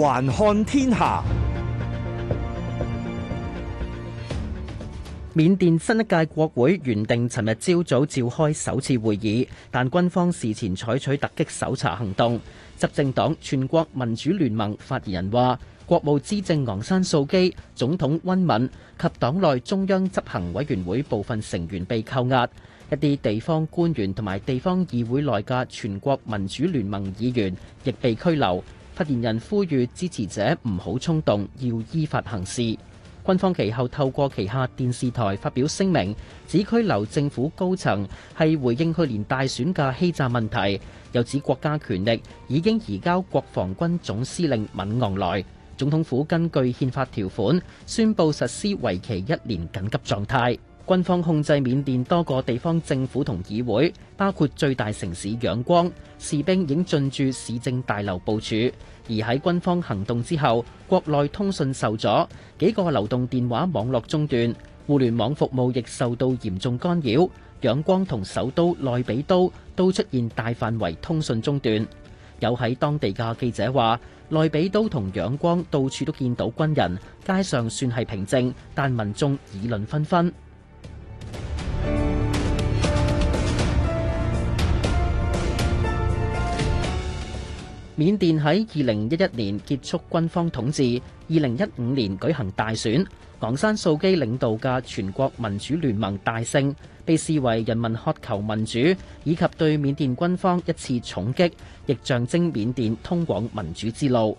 環看天下，緬甸新一屆國會原定尋日朝早召開首次會議，但軍方事前採取突擊搜查行動。執政黨全國民主聯盟發言人話，國務資政昂山素姬、總統溫敏及黨內中央執行委員會部分成員被扣押，一啲地方官員同埋地方議會內嘅全國民主聯盟議員亦被拘留。發言人呼籲支持者唔好衝動，要依法行事。軍方其後透過旗下電視台發表聲明，指拘留政府高層係回應去年大選嘅欺詐問題，又指國家權力已經移交國防軍總司令敏昂萊。總統府根據憲法條款宣布實施為期一年緊急狀態。軍方控制緬甸多個地方政府同議會，包括最大城市仰光。士兵已經進駐市政大樓部署。而喺軍方行動之後，國內通訊受阻，幾個流動電話網絡中斷，互聯網服務亦受到嚴重干擾。仰光同首都內比都都出現大範圍通訊中斷。有喺當地嘅記者話，內比都同仰光到處都見到軍人，街上算係平靜，但民眾議論紛紛。緬甸喺二零一一年結束軍方統治，二零一五年舉行大選，昂山素姬領導嘅全國民主聯盟大勝，被視為人民渴求民主以及對緬甸軍方一次重擊，亦象徵緬甸通往民主之路。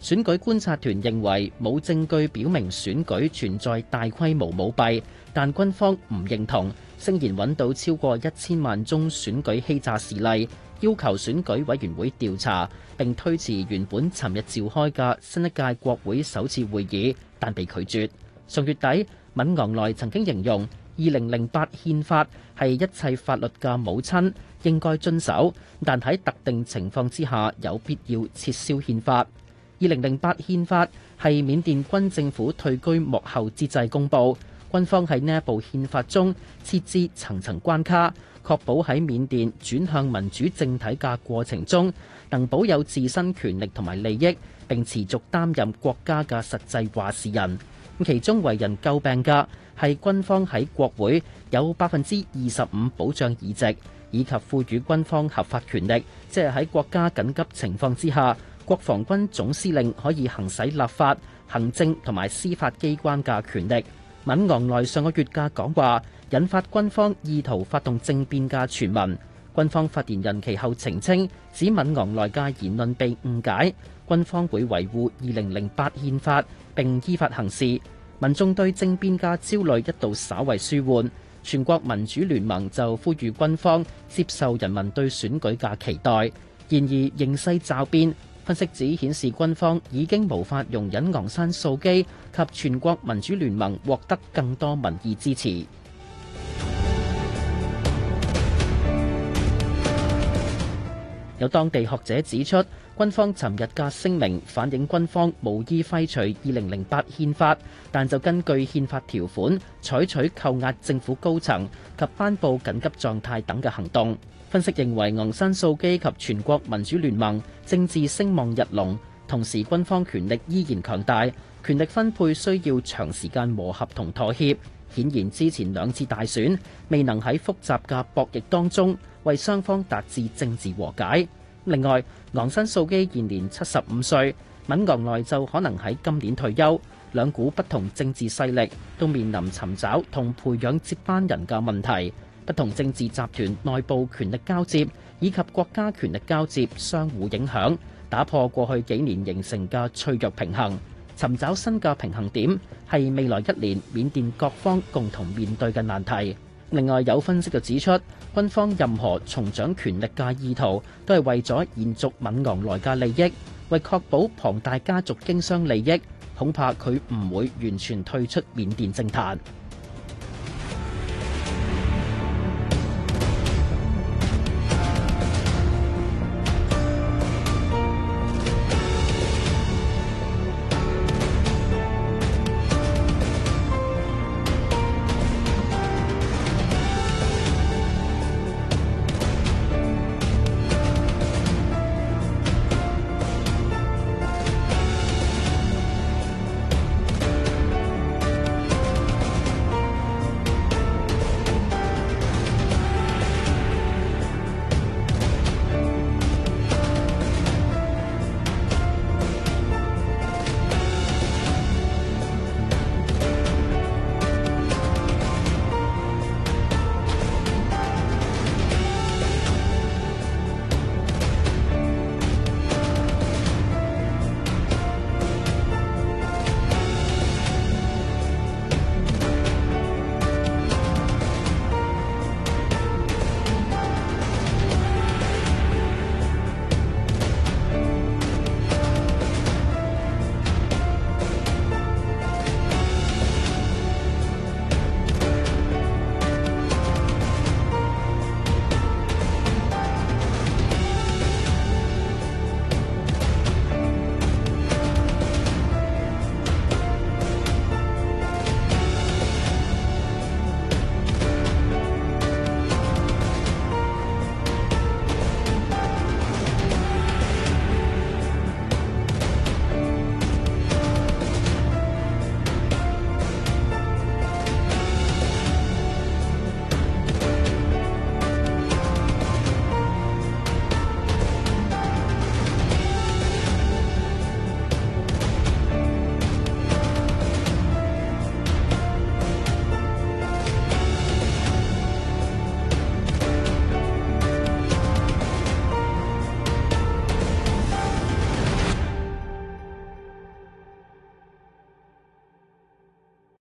選舉觀察團認為冇證據表明選舉存在大規模舞弊，但軍方唔認同，聲言揾到超過一千萬宗選舉欺詐事例，要求選舉委員會調查並推遲原本尋日召開嘅新一屆國會首次會議，但被拒絕。上月底，敏昂萊曾經形容二零零八憲法係一切法律嘅母親，應該遵守，但喺特定情況之下有必要撤銷憲法。二零零八憲法係緬甸軍政府退居幕後之際公布，軍方喺呢一部憲法中設置層層關卡，確保喺緬甸轉向民主政體嘅過程中，能保有自身權力同埋利益，並持續擔任國家嘅實際話事人。其中為人詬病嘅係軍方喺國會有百分之二十五保障議席，以及賦予軍方合法權力，即係喺國家緊急情況之下。國防軍總司令可以行使立法、行政同埋司法機關嘅權力。敏昂萊上個月嘅講話，引發軍方意圖發動政變嘅傳聞。軍方發言人其後澄清，指敏昂萊嘅言論被誤解，軍方會維護二零零八憲法並依法行事。民眾對政變嘅焦慮一度稍為舒緩。全國民主聯盟就呼籲軍方接受人民對選舉嘅期待。然而，形勢驟變。分析指顯示，軍方已經無法容忍昂山素姬及全國民主聯盟獲得更多民意支持。有當地學者指出，軍方尋日嘅聲明反映軍方無意廢除二零零八憲法，但就根據憲法條款採取扣押政府高層及頒布緊急狀態等嘅行動。分析認為，昂山素姬及全國民主聯盟政治聲望日隆，同時軍方權力依然強大，權力分配需要長時間磨合同妥協。顯然之前兩次大選未能喺複雜嘅博弈當中為雙方達至政治和解。另外，昂山素姬現年七十五歲，敏昂萊就可能喺今年退休。兩股不同政治勢力都面臨尋找同培養接班人嘅問題。不同政治集團內部權力交接以及國家權力交接相互影響，打破過去幾年形成嘅脆弱平衡。尋找新嘅平衡點係未來一年緬甸各方共同面對嘅難題。另外有分析就指出，軍方任何重掌權力嘅意圖，都係為咗延續敏昂萊家利益，為確保龐大家族經商利益，恐怕佢唔會完全退出緬甸政壇。